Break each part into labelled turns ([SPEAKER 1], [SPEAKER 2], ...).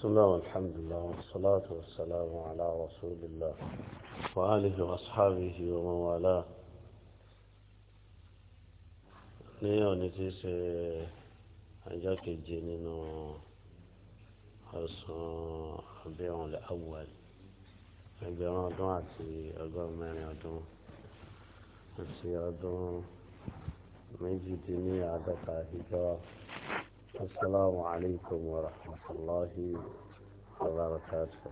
[SPEAKER 1] بسم الله والحمد لله والصلاة والسلام على رسول الله وآله وأصحابه ومن والاه ní òní tí í ṣe ọjọ́ kejì nínú ọ̀sán ọ̀bẹ̀rún awwal ẹgbẹ̀rún ọdún àti ọgọ́rùn mẹ́rin ọdún àti ọdún méjìdínláàádọ́ta ìjọba. السلام عليكم ورحمة الله وبركاته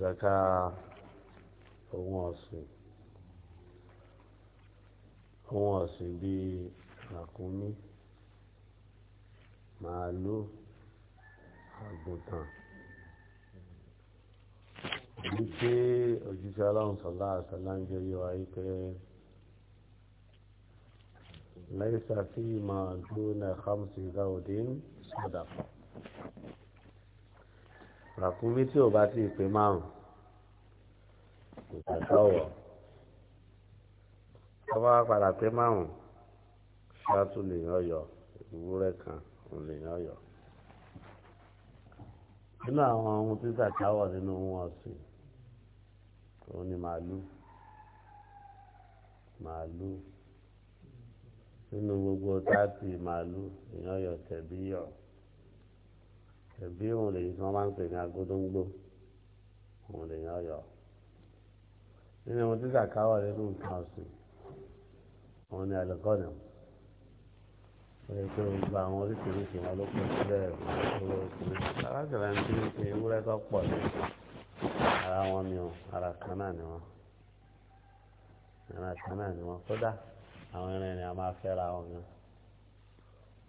[SPEAKER 1] زكاة ومواصل ومواصل بي رقمي màálù àgùntàn wípé òjíṣẹ́ aláhùn sọ̀lá àṣàlá ń jẹ́ yíwa wípé ليس فيما دون خمس غود صدقة ràkúnmí tí ò bá ti pé márùn kò gbàgbọ́wọ́ tọ́wọ́ padà pé márùn ṣáàtú lèèyàn yọ ìwúrẹ́ kan òun lèèyàn yọ nínú àwọn ohun ni màálù màálù nínú gbogbo táàtì màálù èèyàn yọ tẹ̀bí yọ tẹ̀bí òun lèyí tí wọ́n máa ń pè ní agódóńgbò òun lèyàn yọ nínú ohun tí sàkáwọ̀ nínú nǹkan ọ̀sìn òun ni àlùkọ́nà wọ́n yẹ kí wọ́n gba àwọn oríṣiríṣi wọn ló pọ̀ sílẹ̀ lọ́wọ́ oríṣiríṣi alágbèrè ń dín ní ewúrẹ́ tó pọ̀ ní ara wọn ni wọn ara kan náà ni wọn ara kan náà ni wọn kódà àwọn ẹran ni a máa fẹ́ra wọn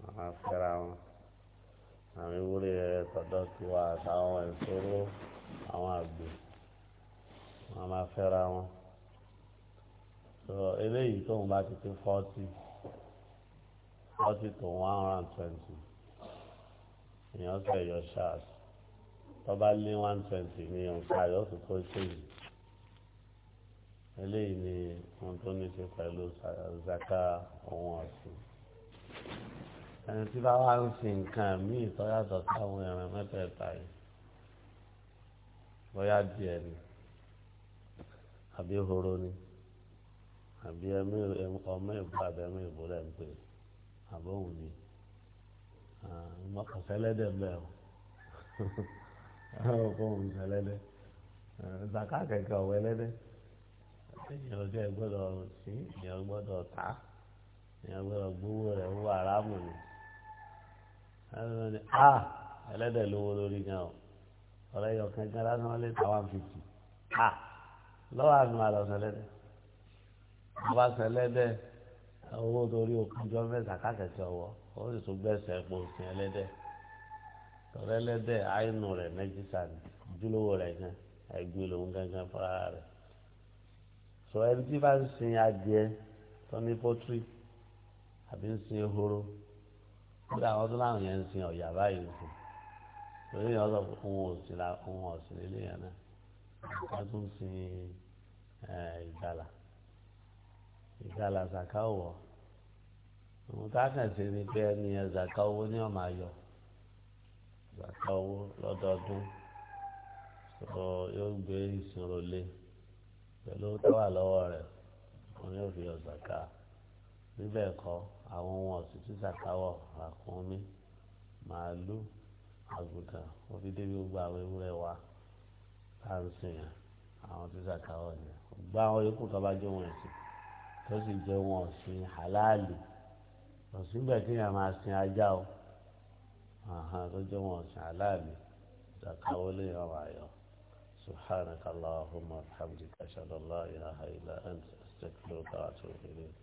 [SPEAKER 1] a máa fẹ́ra wọn àwọn ewúrẹ́ rẹ̀ tọ̀dọ̀ ti wà àtàwọn ìṣòro àwọn àgbè a máa fẹ́ra wọn eléyìí tóun bá ti pé fọ́tì forty to one hundred and twenty èèyàn fẹ́ yọ ṣáàs tó bá lé one twenty ní ọ̀sán yóò tún tó ṣèyí eléyìí ni ohun tó ní ṣe pẹ̀lú zaka ohun ọ̀sìn ẹni tí bá wá ń sin nǹkan míì tó yàtọ̀ sáwọn ẹran mẹ́tẹ̀ẹ̀ta yìí bóyá díẹ̀ ni àbí horo ni àbí ọmọ ìbò àbí ẹmọ ìbò rẹ̀ ń pè àbí òun ni ọ̀sẹ̀lẹ́dẹ̀ bẹ́ẹ̀ o ọ̀hún ọ̀hún ọ̀sẹ̀lẹ́dẹ̀ zaka kẹ̀kẹ́ ọ̀wẹ́lẹ́dẹ̀ èèyàn ọjọ́ ẹ gbọ́dọ̀ sí èèyàn gbọ́dọ̀ tà èèyàn gbọ́dọ̀ gbowó rẹ̀ wọ aráàmù ni ẹni a ẹlẹ́dẹ̀ lówó lórí gan o ọ̀rẹ́ yọ kankan lásán lé tàwọn fìtì a lọ́wọ́ àmì àlọ́sẹ̀ lẹ́dẹ̀ ọba sẹlẹ́dẹ̀ owó torí òkú jọ mẹ́ta kákẹ́kẹ́ ọwọ́ ó sì tún gbẹ̀sẹ̀ pọ̀ sí ẹlẹ́dẹ̀ tọ́lẹ́lẹ́dẹ̀ àìnù rẹ̀ mẹ́jísà ni ojúlówó rẹ̀ gan ẹgbẹ́ lòun gangan fúnra rẹ̀ sọ ẹni tí bá ń sin adìẹ tó ní pọ́tírì àbí ń sin ehoro kódà àwọn tó láwọn yẹn ń sin ọ̀yà báyìí ń sìn torí yẹn sọ pé òun ò sí la òun ò sí nílé yẹn náà wọ́n tún sin eh, ìgalà ìgalà zaka wọ̀ òun tá a kàn sí ni pé ẹni yẹn zaka owó ni ọ̀ máa yọ zaka owó lọ́dọọdún yóò gbé ìsìn rò lé pẹ̀lú tó wà lọ́wọ́ rẹ̀ wọn yóò fi ọ̀sán ká níbẹ̀ kọ́ àwọn ohun ọ̀sìn tí sàkáwọ̀ àkúnmí màálù àgùntàn wọ́n fi débi gbogbo àwọn ewúrẹ́ wa tá à ń sìn yẹn àwọn tí sàkáwọ̀ yẹn gbogbo àwọn yòókù tó bá jẹ́ ohun ẹ̀sìn tó sì jẹ́ ohun ọ̀sìn halálì ọ̀sìn bẹ̀ kí yẹn máa sin ajá o tó jẹ́ ohun ọ̀sìn halálì sàkáwọ̀ lè yọ̀ wáyọ̀. سبحانك اللهم وبحمدك أشهد أن لا إله إلا أنت أستغفرك وأتوب إليك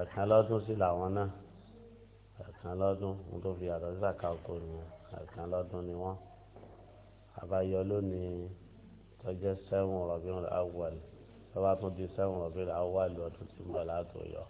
[SPEAKER 1] ẹ̀kan lọ́dún sí làwọn náà ẹ̀kan lọ́dún ń tó fi àtọ́ sísàkà oko ni wọn ẹ̀kan lọ́dún ni wọ́n àbáyọ lónìí tọ́jẹ́ sẹ́wọ̀n rọ̀bí awọ́ọ̀lì tọ́wọ́ tún di sẹ́wọ̀n rọ̀bí awọ́ọ̀lì ọdún tí ń bọ̀ látòyọ̀.